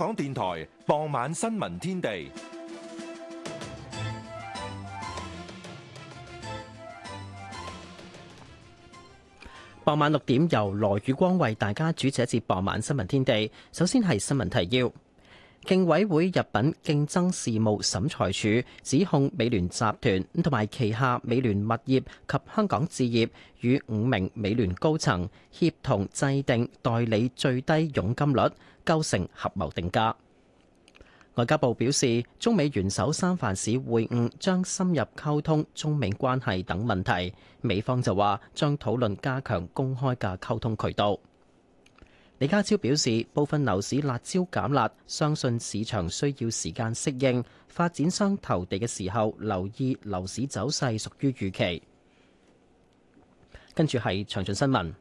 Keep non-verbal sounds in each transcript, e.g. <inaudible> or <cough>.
港電台傍晚新聞天地，傍晚六點由羅宇光為大家主持一節傍晚新聞天地。首先係新聞提要。競委會入禀競爭事務審裁處，指控美聯集團同埋旗下美聯物業及香港置業與五名美聯高層協同制定代理最低佣金率，構成合謀定價。外交部表示，中美元首三藩市會晤將深入溝通中美關係等問題。美方就話將討論加強公開嘅溝通渠道。李家超表示，部分樓市辣招減辣，相信市場需要時間適應。發展商投地嘅時候留意樓市走勢，屬於預期。跟住係詳盡新聞。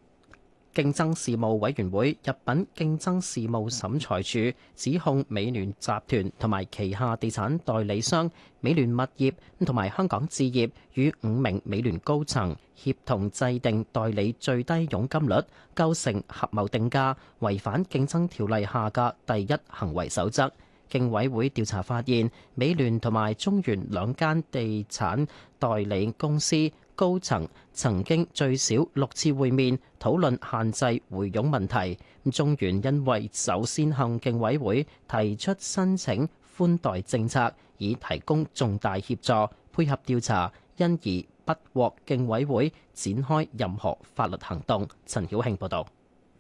競爭事務委員會入稟競爭事務審裁處指控美聯集團同埋旗下地產代理商美聯物業同埋香港置業與五名美聯高層協同制定代理最低佣金率，構成合謀定價，違反競爭條例下嘅第一行為守則。競委會調查發現，美聯同埋中原兩間地產代理公司，高層曾經最少六次會面，討論限制回佣問題。中原因為首先向競委會提出申請寬待政策，以提供重大協助，配合調查，因而不獲競委會展開任何法律行動。陳曉慶報道。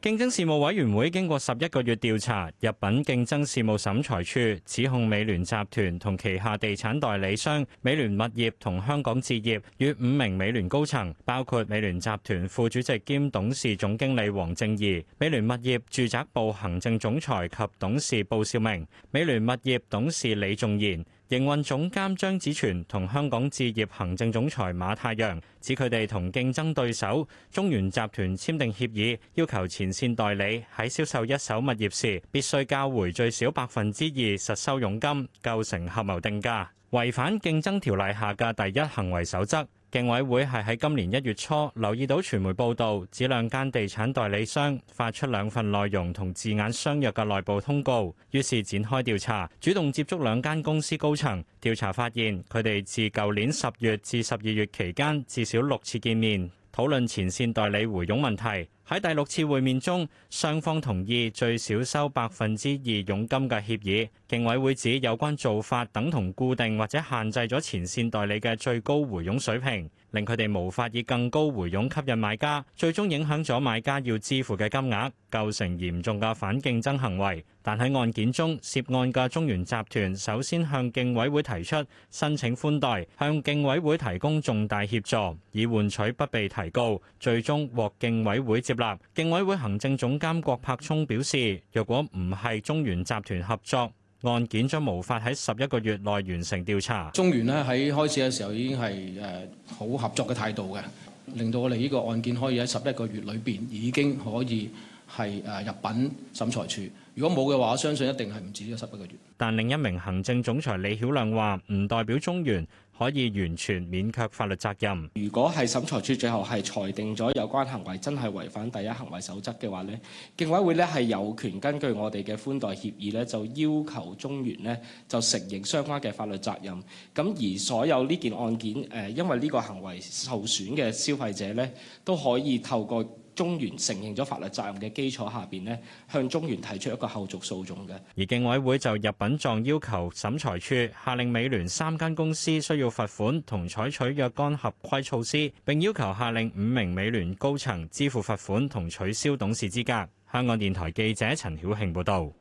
競爭事務委員會經過十一個月調查，入稟競爭事務審裁處指控美聯集團同旗下地產代理商美聯物業同香港置業與五名美聯高層，包括美聯集團副主席兼董事總經理黃靜怡、美聯物業住宅部行政總裁及董事布少明、美聯物業董事李仲賢。營運總監張子全同香港置業行政總裁馬太陽指，佢哋同競爭對手中原集團簽訂協議，要求前線代理喺銷售一手物業時，必須交回最少百分之二實收佣金，構成合謀定價，違反競爭條例下嘅第一行為守則。競委會係喺今年一月初留意到傳媒報道，指兩間地產代理商發出兩份內容同字眼相若嘅內部通告，於是展開調查，主動接觸兩間公司高層。調查發現，佢哋自舊年十月至十二月期間，至少六次見面討論前綫代理回佣問題。喺第六次會面中，雙方同意最少收百分之二佣金嘅協議。競委會指有關做法等同固定或者限制咗前線代理嘅最高回傭水平，令佢哋無法以更高回傭吸引買家，最終影響咗買家要支付嘅金額，構成嚴重嘅反競爭行為。但喺案件中，涉案嘅中原集團首先向競委會提出申請寬待，向競委會提供重大協助，以換取不被提告，最終獲競委會接納。競委會行政總監郭柏聰表示，若果唔係中原集團合作，案件將無法喺十一個月內完成調查。中原咧，喺開始嘅時候已經係誒，好合作嘅態度嘅，令到我哋呢個案件可以喺十一個月裏面已經可以係入稟審裁處。如果冇嘅話，我相信一定係唔止咗十一個月。但另一名行政總裁李曉亮話：唔代表中原可以完全免卻法律責任。如果係審裁處最後係裁定咗有關行為真係違反第一行為守則嘅話咧，競委會咧係有權根據我哋嘅寬待協議咧，就要求中原咧就承認相關嘅法律責任。咁而所有呢件案件誒、呃，因為呢個行為受損嘅消費者咧都可以透過中原承認咗法律責任嘅基礎下邊咧，向中原提出一個後續訴訟嘅。而競委會就入稟狀要求審裁處下令美聯三間公司需要罰款同採取若干合規措施，並要求下令五名美聯高層支付罰款同取消董事資格。香港電台記者陳曉慶報導。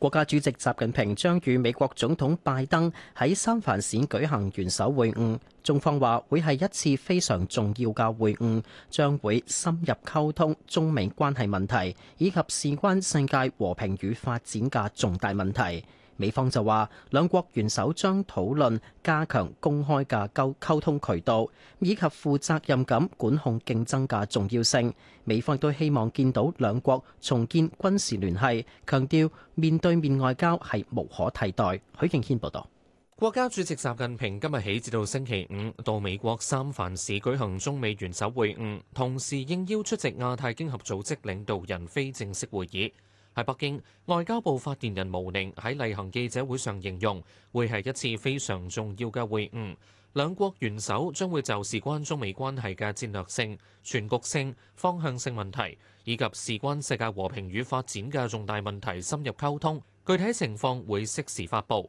國家主席習近平將與美國總統拜登喺三藩市舉行元首會晤，中方話會係一次非常重要嘅會晤，將會深入溝通中美關係問題，以及事關世界和平與發展嘅重大問題。美方就話，兩國元首將討論加強公開嘅溝溝通渠道，以及負責任咁管控競爭嘅重要性。美方都希望見到兩國重建軍事聯繫，強調面對面外交係無可替代。許敬軒報導，國家主席習近平今日起至到星期五到美國三藩市舉行中美元首會晤，同時應邀出席亞太經合組織領導人非正式會議。喺北京，外交部發言人毛寧喺例行記者會上形容，會係一次非常重要嘅會晤，兩國元首將會就事關中美關係嘅戰略性、全局性、方向性問題，以及事關世界和平與發展嘅重大問題深入溝通，具體情況會適時發佈。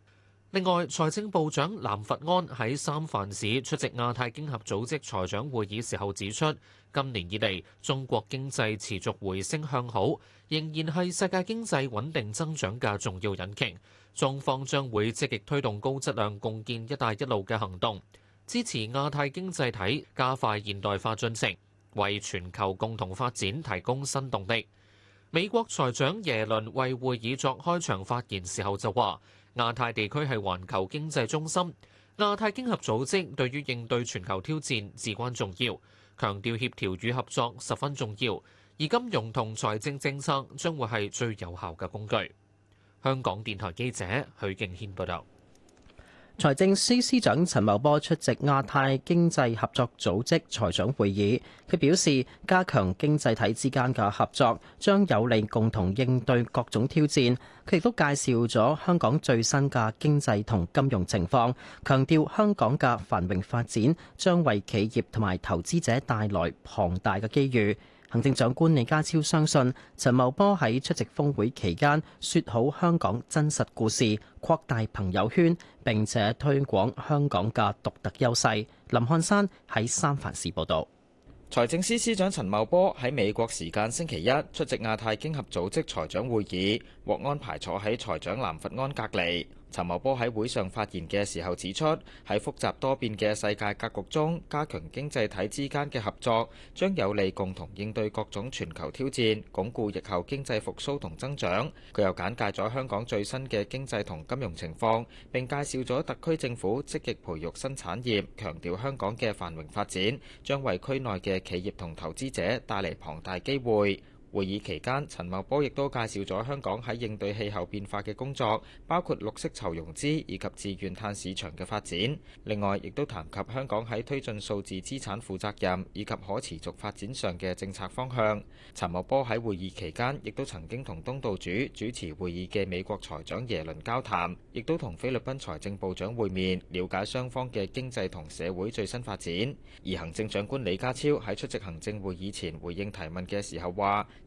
另外，財政部長藍佛安喺三藩市出席亞太經合組織財長會議時候指出，今年以嚟中國經濟持續回升向好，仍然係世界經濟穩定增長嘅重要引擎。中方將會積極推動高質量共建「一帶一路」嘅行動，支持亞太經濟體加快現代化進程，為全球共同發展提供新動力。美國財長耶倫為會議作開場發言時候就話：亞太地區係環球經濟中心，亞太經合組織對於應對全球挑戰至關重要，強調協調與合作十分重要，而金融同財政政策將會係最有效嘅工具。香港電台記者許敬軒報道。財政司司長陳茂波出席亞太經濟合作組織財長會議，佢表示加強經濟體之間嘅合作，將有利共同應對各種挑戰。佢亦都介紹咗香港最新嘅經濟同金融情況，強調香港嘅繁榮發展將為企業同埋投資者帶來龐大嘅機遇。行政長官李家超相信陳茂波喺出席峰會期間説好香港真實故事，擴大朋友圈，並且推廣香港嘅獨特優勢。林漢山喺三藩市報導。財政司司長陳茂波喺美國時間星期一出席亞太經合組織財長會議，獲安排坐喺財長藍佛安隔離。陳茂波喺會上發言嘅時候指出，喺複雜多變嘅世界格局中，加強經濟體之間嘅合作，將有利共同應對各種全球挑戰，鞏固日後經濟復甦同增長。佢又簡介咗香港最新嘅經濟同金融情況，並介紹咗特區政府積極培育新產業，強調香港嘅繁榮發展將為區內嘅企業同投資者帶嚟龐大機會。會議期間，陳茂波亦都介紹咗香港喺應對氣候變化嘅工作，包括綠色籌融資以及自願碳市場嘅發展。另外，亦都談及香港喺推進數字資產負責任以及可持續發展上嘅政策方向。陳茂波喺會議期間，亦都曾經同東道主主持會議嘅美國財長耶倫交談，亦都同菲律賓財政部長會面，了解雙方嘅經濟同社會最新發展。而行政長官李家超喺出席行政會議前回應提問嘅時候話：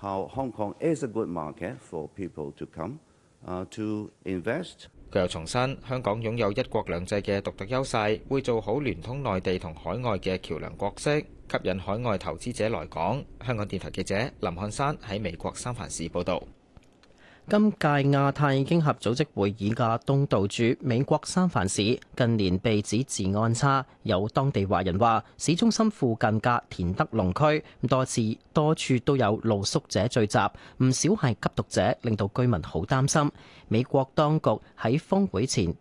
How Hong Kong is a good market for people to come to invest。佢又重申，香港擁有一國兩制嘅獨特優勢，會做好聯通內地同海外嘅橋梁角色，吸引海外投資者來港。香港電台記者林漢山喺美國三藩市報導。今屆亞太經合組織會議嘅東道主美國三藩市近年被指治安差，有當地華人話市中心附近嘅田德隆區多次多處都有露宿者聚集，唔少係吸毒者，令到居民好擔心。美國當局喺峰會前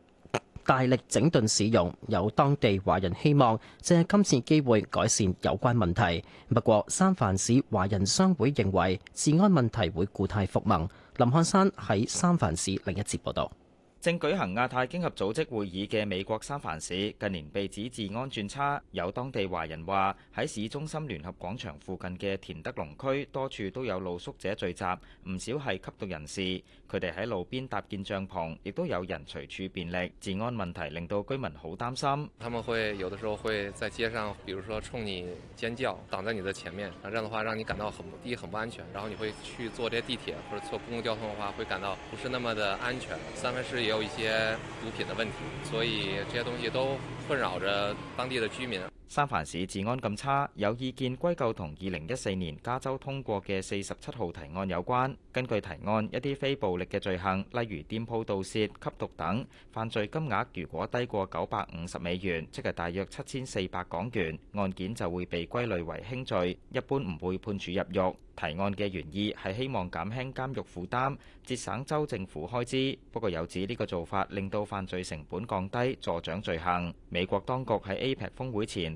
大力整頓市容，有當地華人希望借今次機會改善有關問題。不過，三藩市華人商會認為治安問題會故態復萌。林漢山喺三藩市另一節報導。正舉行亞太經合組織會議嘅美國三藩市近年被指治安轉差，有當地華人話喺市中心聯合廣場附近嘅田德隆區多處都有露宿者聚集，唔少係吸毒人士，佢哋喺路邊搭建帳篷，亦都有人隨處便溺，治安問題令到居民好擔心。他們會有的時候會在街上，比如說衝你尖叫，擋在你的前面，那這樣的話讓你感到很低很不安全。然後你會去坐啲地鐵或者坐公共交通嘅話，會感到不是那麼的安全。三藩市。也有一些毒品的問題，所以這些東西都困擾着當地的居民。三藩市治安咁差，有意見歸咎同二零一四年加州通過嘅四十七號提案有關。根據提案，一啲非暴力嘅罪行，例如店鋪盜竊、吸毒等，犯罪金額如果低過九百五十美元，即係大約七千四百港元，案件就會被歸類為輕罪，一般唔會判處入獄。提案嘅原意係希望減輕監獄負擔，節省州政府開支。不過有指呢個做法令到犯罪成本降低，助長罪行。美國當局喺 APEC 峰會前。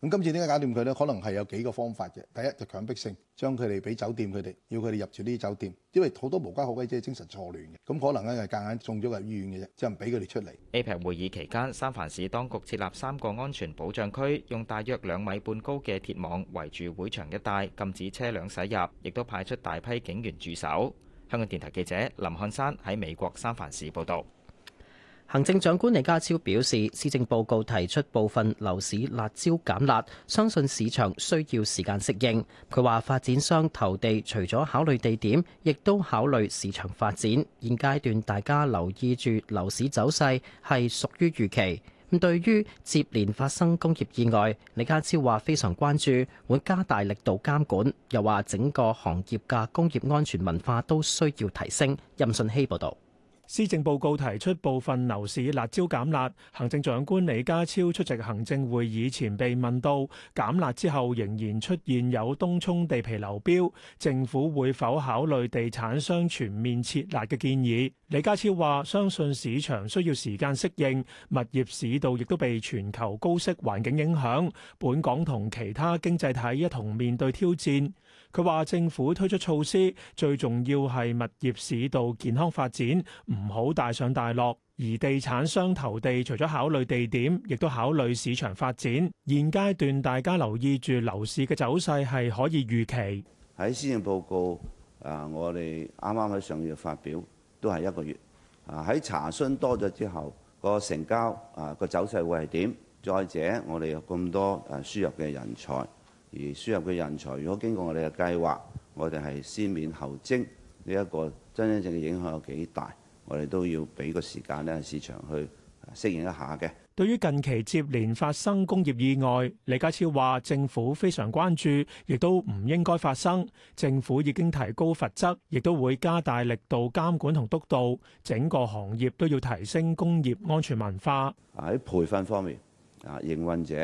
咁今次點解搞掂佢呢？可能係有幾個方法嘅。第一就強迫性，將佢哋俾酒店佢哋，要佢哋入住呢啲酒店，因為好多無家可歸者精神錯亂嘅。咁可能呢係夾硬送咗入醫院嘅啫，即係唔俾佢哋出嚟。APEC 會議期間，三藩市當局設立三個安全保障區，用大約兩米半高嘅鐵網圍住會場一帶，禁止車輛駛入，亦都派出大批警員駐守。香港電台記者林漢山喺美國三藩市報道。行政長官李家超表示，施政報告提出部分樓市辣招減辣，相信市場需要時間適應。佢話：發展商投地除咗考慮地點，亦都考慮市場發展。現階段大家留意住樓市走勢係屬於預期。咁對於接連發生工業意外，李家超話非常關注，會加大力度監管。又話整個行業嘅工業安全文化都需要提升。任信希報導。施政報告提出部分樓市辣椒減辣，行政長官李家超出席行政會議前被問到減辣之後仍然出現有東涌地皮流標，政府會否考慮地產商全面撤辣嘅建議？李家超話：相信市場需要時間適應，物業市道亦都被全球高息環境影響，本港同其他經濟體一同面對挑戰。佢話：政府推出措施，最重要係物業市道健康發展，唔好大上大落。而地產商投地，除咗考慮地點，亦都考慮市場發展。現階段大家留意住樓市嘅走勢係可以預期。喺先前報告啊，我哋啱啱喺上月發表都係一個月啊。喺查詢多咗之後，個成交啊個走勢會係點？再者，我哋有咁多啊輸入嘅人才。而輸入嘅人才，如果經過我哋嘅計劃，我哋係先免後徵呢一個真真正嘅影響有幾大？我哋都要俾個時間呢市場去適應一下嘅。對於近期接連發生工業意外，李家超話：政府非常關注，亦都唔應該發生。政府已經提高罰則，亦都會加大力度監管同督導，整個行業都要提升工業安全文化，喺培訓方面啊，營運者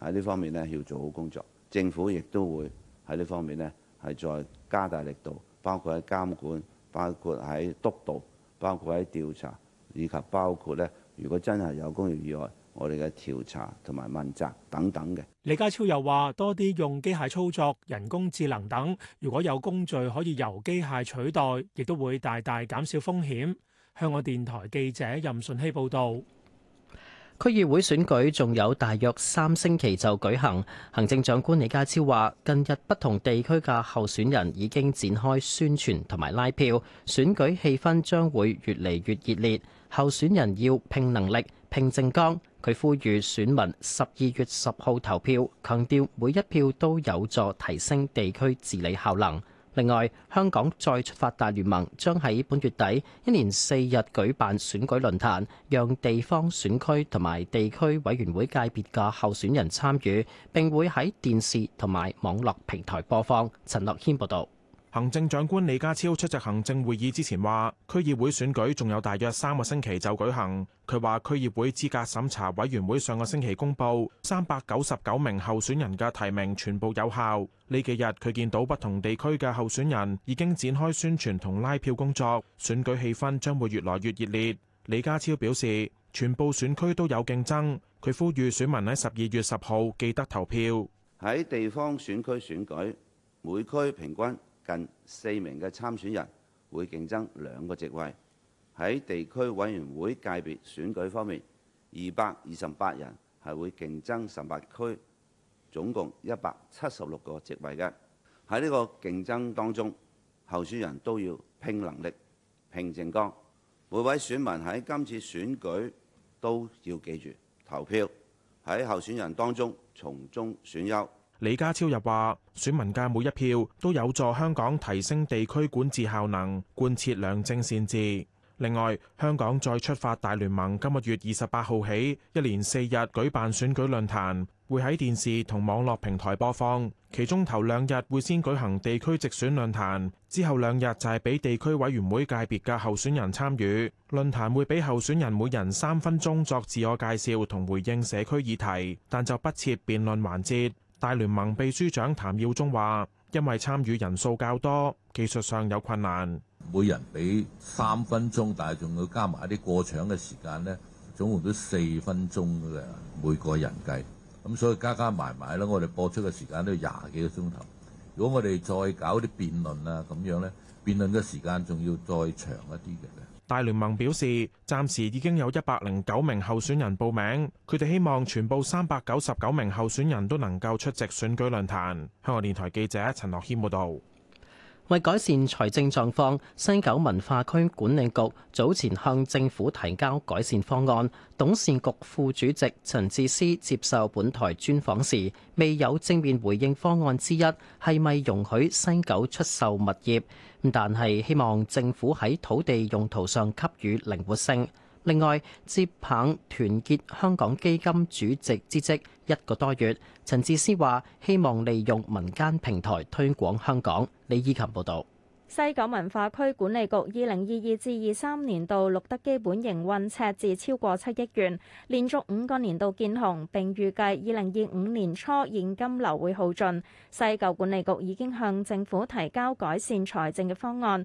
喺呢方面呢要做好工作。政府亦都會喺呢方面呢，係再加大力度，包括喺監管、包括喺督導、包括喺調查，以及包括咧，如果真係有工業意外，我哋嘅調查同埋問責等等嘅。李家超又話：多啲用機械操作、人工智能等，如果有工序可以由機械取代，亦都會大大減少風險。香港電台記者任順希報導。區議會選舉仲有大約三星期就舉行，行政長官李家超話：近日不同地區嘅候選人已經展開宣傳同埋拉票，選舉氣氛將會越嚟越熱烈。候選人要拼能力、拼政綱，佢呼籲選民十二月十號投票，強調每一票都有助提升地區治理效能。另外，香港再出發大聯盟將喺本月底一連四日舉辦選舉論壇，讓地方選區同埋地區委員會界別嘅候選人參與，並會喺電視同埋網絡平台播放。陳樂謙報道。行政長官李家超出席行政會議之前話，區議會選舉仲有大約三個星期就舉行。佢話區議會資格審查委員會上個星期公布三百九十九名候選人嘅提名全部有效。呢幾日佢見到不同地區嘅候選人已經展開宣傳同拉票工作，選舉氣氛將會越來越熱烈。李家超表示，全部選區都有競爭，佢呼籲選民喺十二月十號記得投票。喺地方選區選舉，每區平均。近四名嘅參選人會競爭兩個席位。喺地區委員會界別選舉方面，二百二十八人係會競爭十八區，總共一百七十六個席位嘅。喺呢個競爭當中，候選人都要拼能力、拼政綱。每位選民喺今次選舉都要記住投票，喺候選人當中從中選優。李家超又話選民嘅每一票都有助香港提升地區管治效能，貫徹良政善治。另外，香港再出發大聯盟今個月二十八號起一連四日舉辦選舉論壇，會喺電視同網絡平台播放。其中頭兩日會先舉行地區直選論壇，之後兩日就係俾地區委員會界別嘅候選人參與論壇。會俾候選人每人三分鐘作自我介紹同回應社區議題，但就不設辯論環節。大聯盟秘書長譚耀宗話，因為參與人數較多，技術上有困難，每人俾三分鐘，但係仲要加埋一啲過場嘅時間咧，總共都四分鐘嘅每個人計，咁所以加加埋埋咧，我哋播出嘅時間都要廿幾個鐘頭。如果我哋再搞啲辯論啊咁樣咧，辯論嘅時間仲要再長一啲嘅。大聯盟表示，暫時已經有一百零九名候選人報名，佢哋希望全部三百九十九名候選人都能夠出席選舉論壇。香港電台記者陳樂軒報道。為改善財政狀況，西九文化區管理局早前向政府提交改善方案。董事局副主席陳智思接受本台專訪時，未有正面回應方案之一係咪容許西九出售物業，但係希望政府喺土地用途上給予靈活性。另外，接棒團結香港基金主席之職。一個多月，陳智思話希望利用民間平台推廣香港。李依琴報導。西九文化區管理局二零二二至二三年度錄得基本營運赤字超過七億元，連續五個年度見紅，並預計二零二五年初現金流會耗盡。西九管理局已經向政府提交改善財政嘅方案。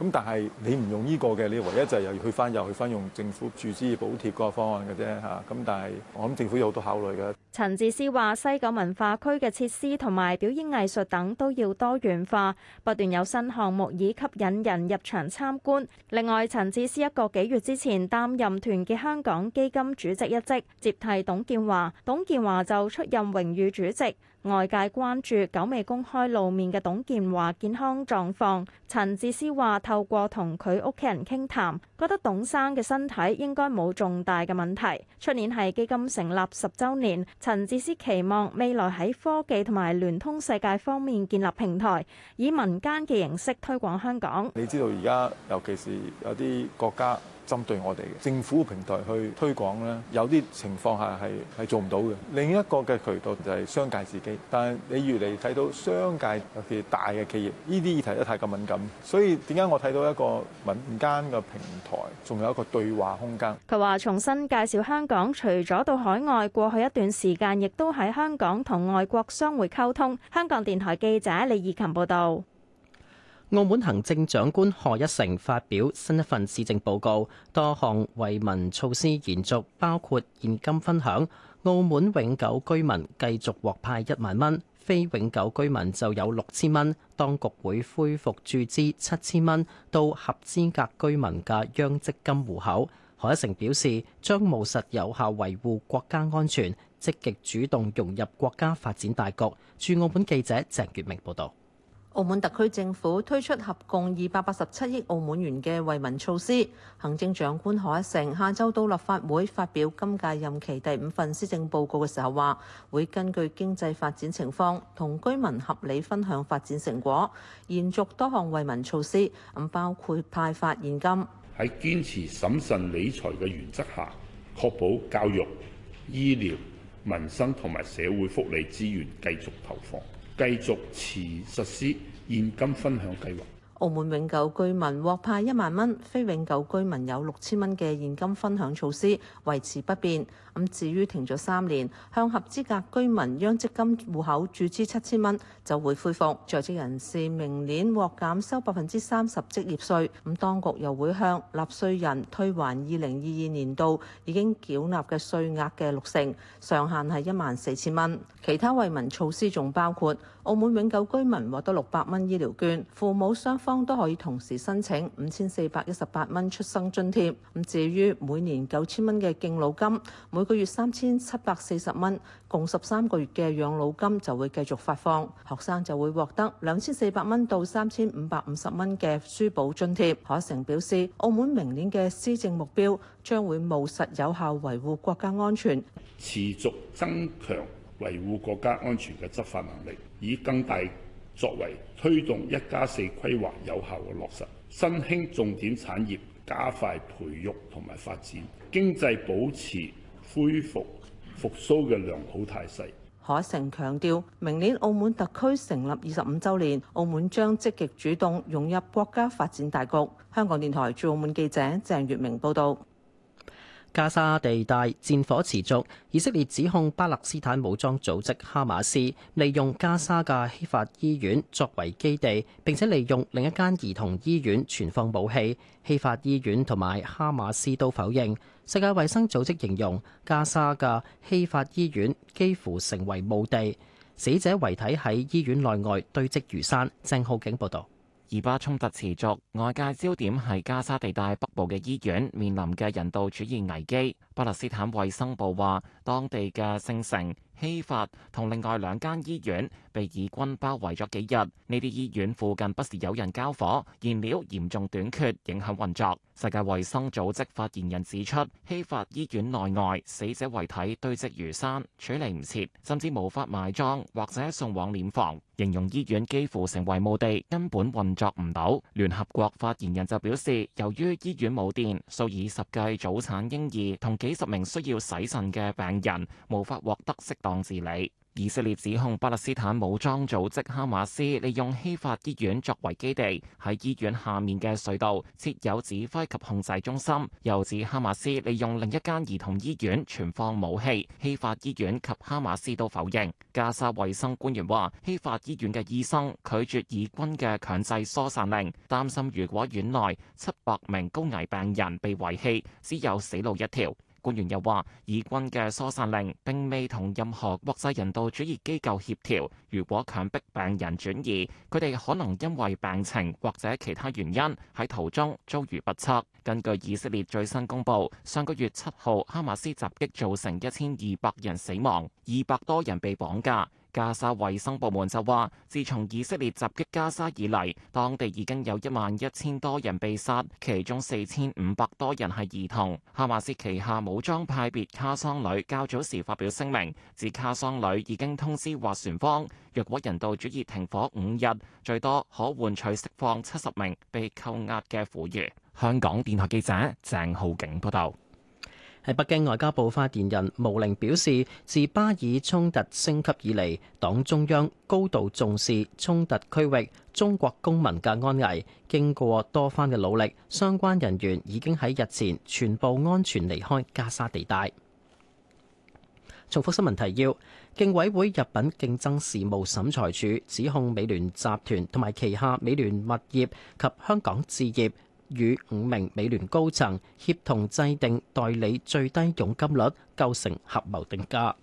咁但係你唔用呢個嘅，你唯一就係又要去翻又去翻用政府注資補貼嗰個方案嘅啫吓，咁但係我諗政府有好多考慮嘅。陳智思話西九文化區嘅設施同埋表演藝術等都要多元化，不斷有新項目以吸引人入場參觀，另外，陳智思一個幾月之前擔任團結香港基金主席一職，接替董建華，董建華就出任榮譽主席。外界關注久未公開露面嘅董建華健康狀況，陳智思話透過同佢屋企人傾談，談，覺得董生嘅身體應該冇重大嘅問題。出年係基金成立十週年，陳智思期望未來喺科技同埋聯通世界方面建立平台，以民間嘅形式推廣香港。你知道而家尤其是有啲國家。針對我哋嘅政府嘅平台去推廣呢，有啲情況下係係做唔到嘅。另一個嘅渠道就係商界自己，但係你越嚟睇到商界特別大嘅企業，呢啲議題都太過敏感。所以點解我睇到一個民間嘅平台，仲有一個對話空間。佢話重新介紹香港，除咗到海外，過去一段時間亦都喺香港同外國商會溝通。香港電台記者李怡琴報道。澳門行政長官賀一誠發表新一份施政報告，多項惠民措施延續，包括現金分享。澳門永久居民繼續獲派一萬蚊，非永久居民就有六千蚊。當局會恢復注資七千蚊到合資格居民嘅央積金戶口。賀一誠表示，將務實有效維護國家安全，積極主動融入國家發展大局。駐澳門記者鄭月明報道。澳門特區政府推出合共二百八十七億澳門元嘅惠民措施，行政長官賀一誠下週到立法會發表今屆任期第五份施政報告嘅時候話，會根據經濟發展情況同居民合理分享發展成果，延續多項惠民措施，咁包括派發現金。喺堅持審慎理財嘅原則下，確保教育、醫療、民生同埋社會福利資源繼續投放。繼續持實施現金分享計劃。澳門永久居民獲派一萬蚊，非永久居民有六千蚊嘅現金分享措施維持不變。咁至於停咗三年向合資格居民央積金戶口注資七千蚊就會恢復，在職人士明年獲減收百分之三十職業稅。咁當局又會向納稅人退還二零二二年度已經繳納嘅稅額嘅六成，上限係一萬四千蚊。其他惠民措施仲包括澳門永久居民獲得六百蚊醫療券，父母雙方，都可以同時申請五千四百一十八蚊出生津貼。咁至於每年九千蚊嘅敬老金，每個月三千七百四十蚊，共十三個月嘅養老金就會繼續發放。學生就會獲得兩千四百蚊到三千五百五十蚊嘅書簿津貼。賀一誠表示，澳門明年嘅施政目標將會務實有效維護國家安全，持續增強維護國家安全嘅執法能力，以更大作為推動「一加四」規劃有效嘅落實，新興重點產業加快培育同埋發展，經濟保持恢復復甦嘅良好態勢。海誠強調，明年澳門特區成立二十五週年，澳門將積極主動融入國家發展大局。香港電台駐澳門記者鄭月明報導。加沙地帶戰火持續，以色列指控巴勒斯坦武裝組織哈馬斯利用加沙嘅希法醫院作為基地，並且利用另一間兒童醫院存放武器。希法醫院同埋哈馬斯都否認。世界衛生組織形容加沙嘅希法醫院幾乎成為墓地，死者遺體喺醫院內外堆積如山。鄭浩景報導。以巴衝突持續，外界焦點係加沙地帶嘅醫院面臨嘅人道主義危機，巴勒斯坦衛生部話當地嘅聖城希法同另外兩間醫院被以軍包圍咗幾日。呢啲醫院附近不時有人交火，燃料嚴重短缺，影響運作。世界衛生組織發言人指出，希法醫院內外死者遺體堆積如山，處理唔切，甚至無法埋葬或者送往殮房，形容醫院幾乎成為墓地，根本運作唔到。聯合國發言人就表示，由於醫院冇電，數以十計早產嬰兒同幾十名需要洗腎嘅病人，無法獲得適當治理。以色列指控巴勒斯坦武裝組織哈馬斯利用希法醫院作為基地，喺醫院下面嘅隧道設有指揮及控制中心。又指哈馬斯利用另一間兒童醫院存放武器。希法醫院及哈馬斯都否認。加沙衛生官員話：希法醫院嘅醫生拒絕以軍嘅強制疏散令，擔心如果院內七百名高危病人被遺棄，只有死路一條。官員又話，以軍嘅疏散令並未同任何國際人道主義機構協調。如果強迫病人轉移，佢哋可能因為病情或者其他原因喺途中遭遇不測。根據以色列最新公佈，上個月七號哈馬斯襲擊造成一千二百人死亡，二百多人被綁架。加沙衛生部門就話，自從以色列襲擊加沙以嚟，當地已經有一萬一千多人被殺，其中四千五百多人係兒童哈馬斯旗下武裝派別卡桑旅較早時發表聲明，指卡桑旅已經通知斡旋方，若果人道主義停火五日，最多可換取釋放七十名被扣押嘅婦孺。香港電台記者鄭浩景報道。喺北京，外交部發言人毛寧表示，自巴以衝突升級以嚟，黨中央高度重視衝突區域中國公民嘅安危。經過多番嘅努力，相關人員已經喺日前全部安全離開加沙地帶。重複新聞提要，競委會入稟競爭事務審裁處指控美聯集團同埋旗下美聯物業及香港置業。與五名美聯高層協同制定代理最低佣金率，構成合謀定價。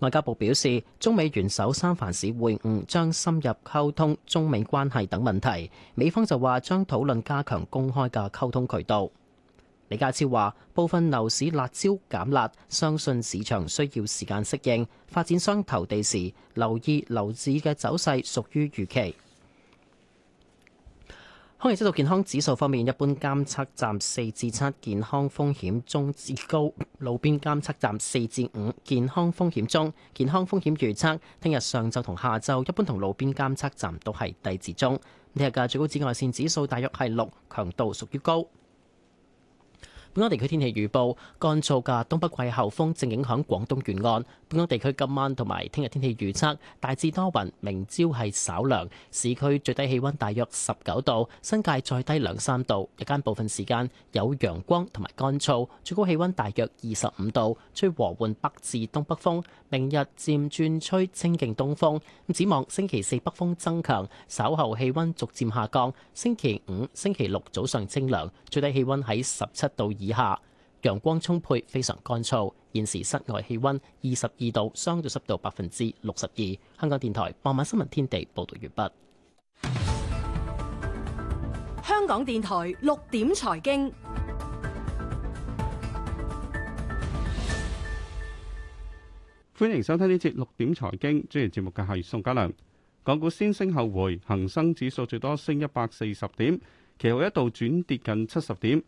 外交部表示，中美元首三藩市會晤將深入溝通中美關係等問題。美方就話將討論加強公開嘅溝通渠道。李家超話，部分樓市辣招減辣，相信市場需要時間適應。發展商投地時留意樓市嘅走勢，屬於預期。空氣質素健康指數方面，一般監測站四至七，7, 健康風險中至高；路邊監測站四至五，5, 健康風險中。健康風險預測，聽日上晝同下晝，一般同路邊監測站都係低至中。聽日嘅最高紫外線指數大約係六，強度屬於高。本港地區天氣預報，乾燥嘅東北季候風正影響廣東沿岸。本港地區今晚同埋聽日天氣預測大致多雲，明朝係稍涼，市區最低氣溫大約十九度，新界再低兩三度。日間部分時間有陽光同埋乾燥，最高氣溫大約二十五度，吹和緩北至東北風。明日漸轉吹清勁東風，咁指望星期四北風增強，稍後氣溫逐漸下降。星期五、星期六早上清涼，最低氣溫喺十七度。以下陽光充沛，非常乾燥。現時室外氣温二十二度，相對濕度百分之六十二。香港電台傍晚新聞天地報道完畢。香港電台六點財經， <music> 歡迎收聽呢節六點財經。主持節目嘅係宋嘉良。港股先升後回，恒生指數最多升一百四十點，其後一度轉跌近七十點。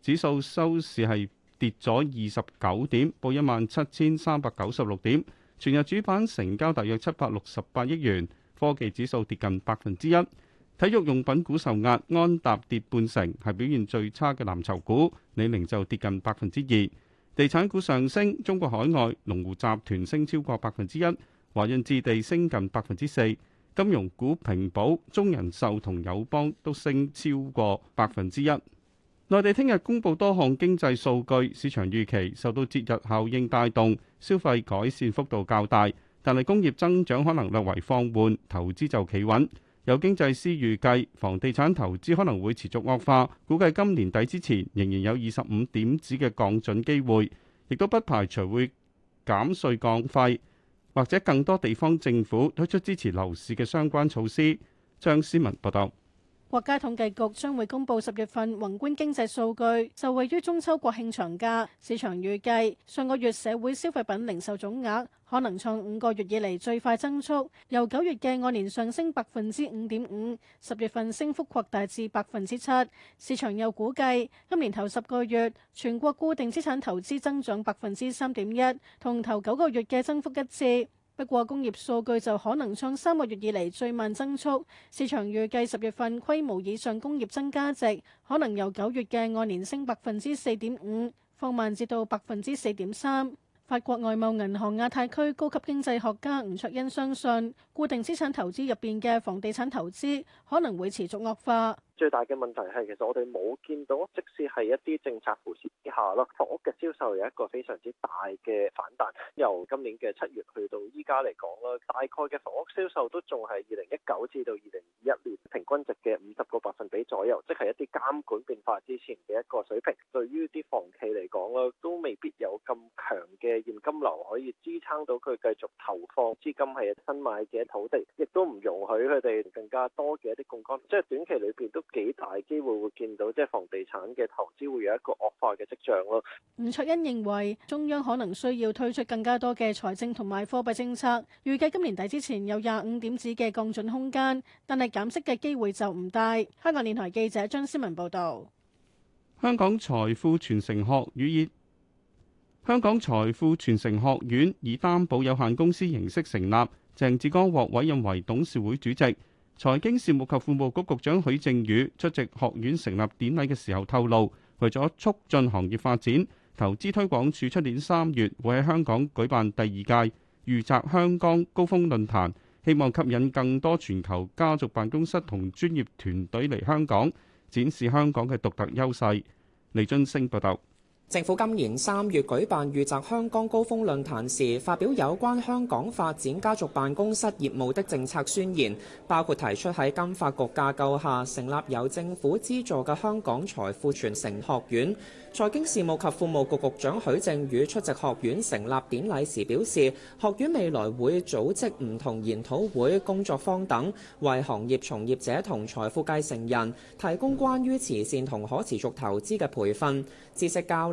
指數收市係跌咗二十九點，報一萬七千三百九十六點。全日主板成交大約七百六十八億元。科技指數跌近百分之一。體育用品股受壓，安踏跌半成，係表現最差嘅藍籌股。李寧就跌近百分之二。地產股上升，中國海外、龍湖集團升超過百分之一，華潤置地升近百分之四。金融股平保、中人壽同友邦都升超過百分之一。內地聽日公布多項經濟數據，市場預期受到節日效應帶動，消費改善幅度較大，但係，工業增長可能略為放緩，投資就企穩。有經濟師預計，房地產投資可能會持續惡化，估計今年底之前仍然有二十五點子嘅降準機會，亦都不排除會減稅降費，或者更多地方政府推出支持樓市嘅相關措施。張思文報道。國家統計局將會公布十月份宏觀經濟數據，就位於中秋國慶長假，市場預計上個月社會消費品零售總額可能創五個月以嚟最快增速，由九月嘅按年上升百分之五點五，十月份升幅擴大至百分之七。市場又估計今年頭十個月全國固定資產投資增長百分之三點一，同頭九個月嘅增幅一致。不過，工業數據就可能創三個月以嚟最慢增速。市場預計十月份規模以上工業增加值可能由九月嘅按年升百分之四點五放慢至到百分之四點三。法國外貿銀行亞太區高級經濟學家吳卓恩相信，固定資產投資入面嘅房地產投資可能會持續惡化。最大嘅問題係，其實我哋冇見到，即使係一啲政策扶持之下啦，房屋嘅銷售有一個非常之大嘅反彈。由今年嘅七月去到依家嚟講啦，大概嘅房屋銷售都仲係二零一九至到二零二一年平均值嘅五十個百分比左右，即係一啲監管變化之前嘅一個水平。對於啲房企嚟講啦，都未必有咁強嘅現金流可以支撐到佢繼續投放資金係新買嘅土地，亦都唔容許佢哋更加多嘅一啲槓桿，即係短期裏邊都。幾大機會會見到即係房地產嘅投資會有一個惡化嘅跡象咯。吳卓恩認為中央可能需要推出更加多嘅財政同埋貨幣政策，預計今年底之前有廿五點子嘅降準空間，但係減息嘅機會就唔大。香港電台記者張思文報道。香港財富傳承學院，香港財富傳承學院以擔保有限公司形式成立，鄭志剛獲委任為董事會主席。財經事務及庫務局局長許正宇出席學院成立典禮嘅時候透露，為咗促進行業發展，投資推廣署出年三月會喺香港舉辦第二屆裕澤香港高峰論壇，希望吸引更多全球家族辦公室同專業團隊嚟香港，展示香港嘅獨特優勢。李津升報道。政府今年三月舉辦預習香港高峰論壇時，發表有關香港發展家族辦公室業務的政策宣言，包括提出喺金發局架構下成立有政府資助嘅香港財富傳承學院。財經事務及庫務局局長許正宇出席學院成立典禮時表示，學院未來會組織唔同研討會、工作坊等，為行業從業者同財富繼承人提供關於慈善同可持續投資嘅培訓、知識教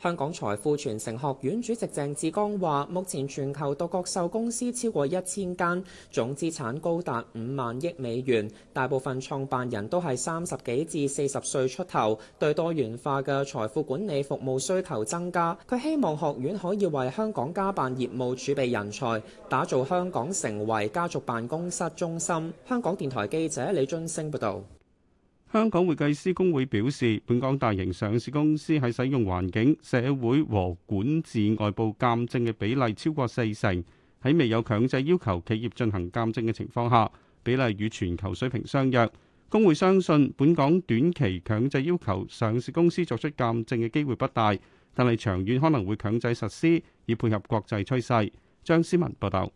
香港財富傳承學院主席鄭志剛話：目前全球獨角獸公司超過一千間，總資產高達五萬億美元，大部分創辦人都係三十幾至四十歲出頭，對多元化嘅財富管理服務需求增加。佢希望學院可以為香港家辦業務儲備人才，打造香港成為家族辦公室中心。香港電台記者李津星報導。香港會計師公會表示，本港大型上市公司喺使用環境、社會和管治外部鑒證嘅比例超過四成，喺未有強制要求企業進行鑒證嘅情況下，比例與全球水平相若。公會相信，本港短期強制要求上市公司作出鑒證嘅機會不大，但係長遠可能會強制實施，以配合國際趨勢。張思文報道。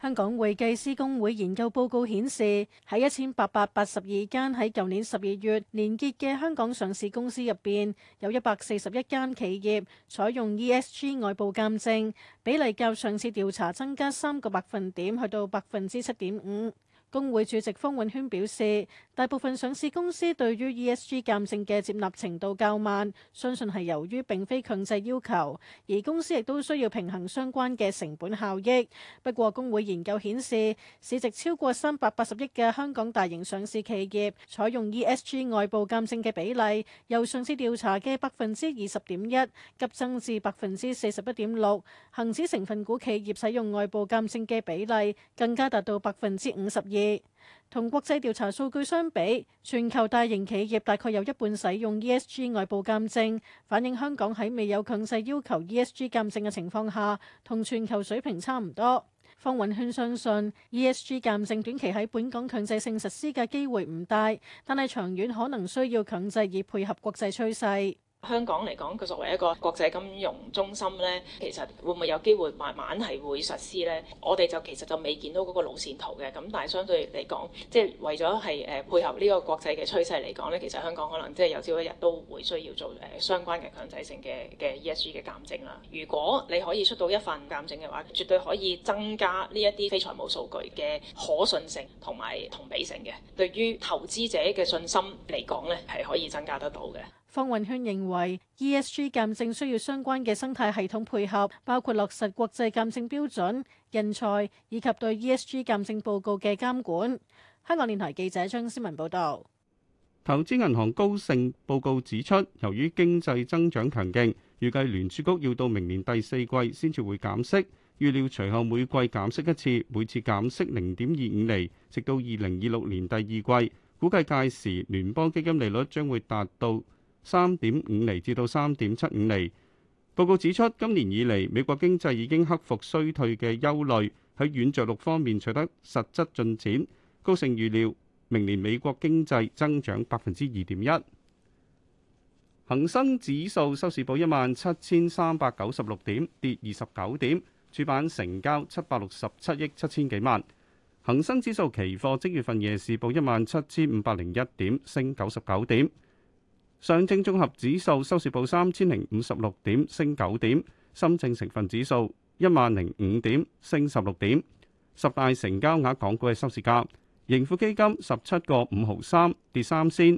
香港會計師公會研究報告顯示，喺一千八百八十二間喺舊年十二月連結嘅香港上市公司入邊，有一百四十一間企業採用 ESG 外部鑑證，比例較上次調查增加三個百分點，去到百分之七點五。工會主席方永軒表示，大部分上市公司對於 ESG 鑑證嘅接納程度較慢，相信係由於並非強制要求，而公司亦都需要平衡相關嘅成本效益。不過，工會研究顯示，市值超過三百八十億嘅香港大型上市企業採用 ESG 外部鑑證嘅比例，由上次調查嘅百分之二十點一急增至百分之四十一點六，恒指成分股企業使用外部鑑證嘅比例更加達到百分之五十二。同國際調查數據相比，全球大型企業大概有一半使用 ESG 外部鑑證，反映香港喺未有強制要求 ESG 鑑證嘅情況下，同全球水平差唔多。方允軒相信 ESG 鑑證短期喺本港強制性實施嘅機會唔大，但係長遠可能需要強制以配合國際趨勢。香港嚟講，佢作為一個國際金融中心咧，其實會唔會有機會慢慢係會實施呢？我哋就其實就未見到嗰個路線圖嘅。咁但係相對嚟講，即係為咗係誒配合呢個國際嘅趨勢嚟講咧，其實香港可能即係有朝一日都會需要做誒相關嘅強制性嘅嘅 ESG 嘅鑑證啦。如果你可以出到一份鑑證嘅話，絕對可以增加呢一啲非財務數據嘅可信性同埋同比性嘅，對於投資者嘅信心嚟講咧係可以增加得到嘅。方運圈認為，ESG 鑑證需要相關嘅生態系統配合，包括落實國際鑑證標準、人才以及對 ESG 鑑證報告嘅監管。香港電台記者張思文報道。投資銀行高盛報告指出，由於經濟增長強勁，預計聯儲局要到明年第四季先至會減息，預料隨後每季減息一次，每次減息零點二五厘，直到二零二六年第二季，估計屆時聯邦基金利率將會達到。三點五厘至到三點七五厘。報告指出，今年以嚟美國經濟已經克服衰退嘅憂慮，喺軟著陸方面取得實質進展。高盛預料明年美國經濟增長百分之二點一。恒生指數收市報一萬七千三百九十六點，跌二十九點。主板成交七百六十七億七千幾萬。恒生指數期貨即月份夜市報一萬七千五百零一點，升九十九點。上證綜合指數收市報三千零五十六點，升九點。深證成分指數一萬零五點，升十六點。十大成交額港股嘅收市價：盈富基金十七個五毫三，跌三仙；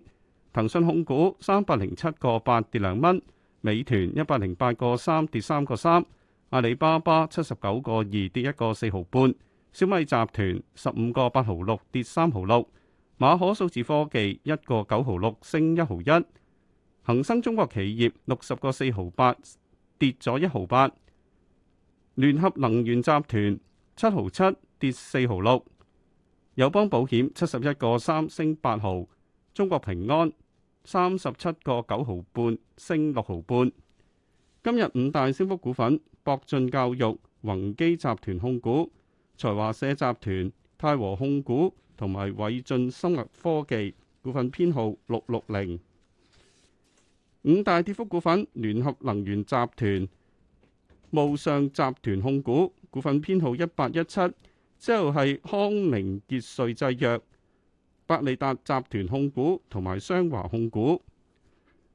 騰訊控股三百零七個八，跌兩蚊；美團一百零八個三，跌三個三；阿里巴巴七十九個二，跌一個四毫半；小米集團十五個八毫六，跌三毫六；馬可數字科技一個九毫六，升一毫一。恒生中國企業六十個四毫八，跌咗一毫八，聯合能源集團七毫七，跌四毫六，友邦保險七十一個三，升八毫，中國平安三十七個九毫半，升六毫半。今日五大升幅股份：博進教育、宏基集團控股、財華社集團、泰和控股同埋偉進生物科技股份編號六六零。五大跌幅股份：聯合能源集團、慕尚集團控股，股份編號一八一七，之後係康明杰瑞製藥、百利達集團控股同埋雙華控股。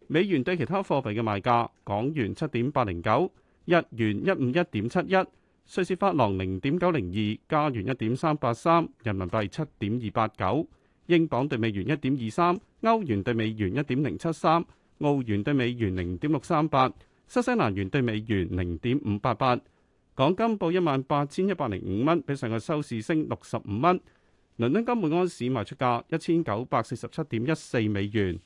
美元對其他貨幣嘅賣價：港元七點八零九，日元一五一點七一，瑞士法郎零點九零二，加元一點三八三，人民幣七點二八九，英鎊兌美元一點二三，歐元兌美元一點零七三。澳元兌美元零點六三八，新西蘭元兌美元零點五八八，港金報一萬八千一百零五蚊，比上日收市升六十五蚊。倫敦金每安士賣出價一千九百四十七點一四美元，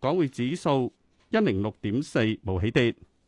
港匯指數一零六點四，無起跌。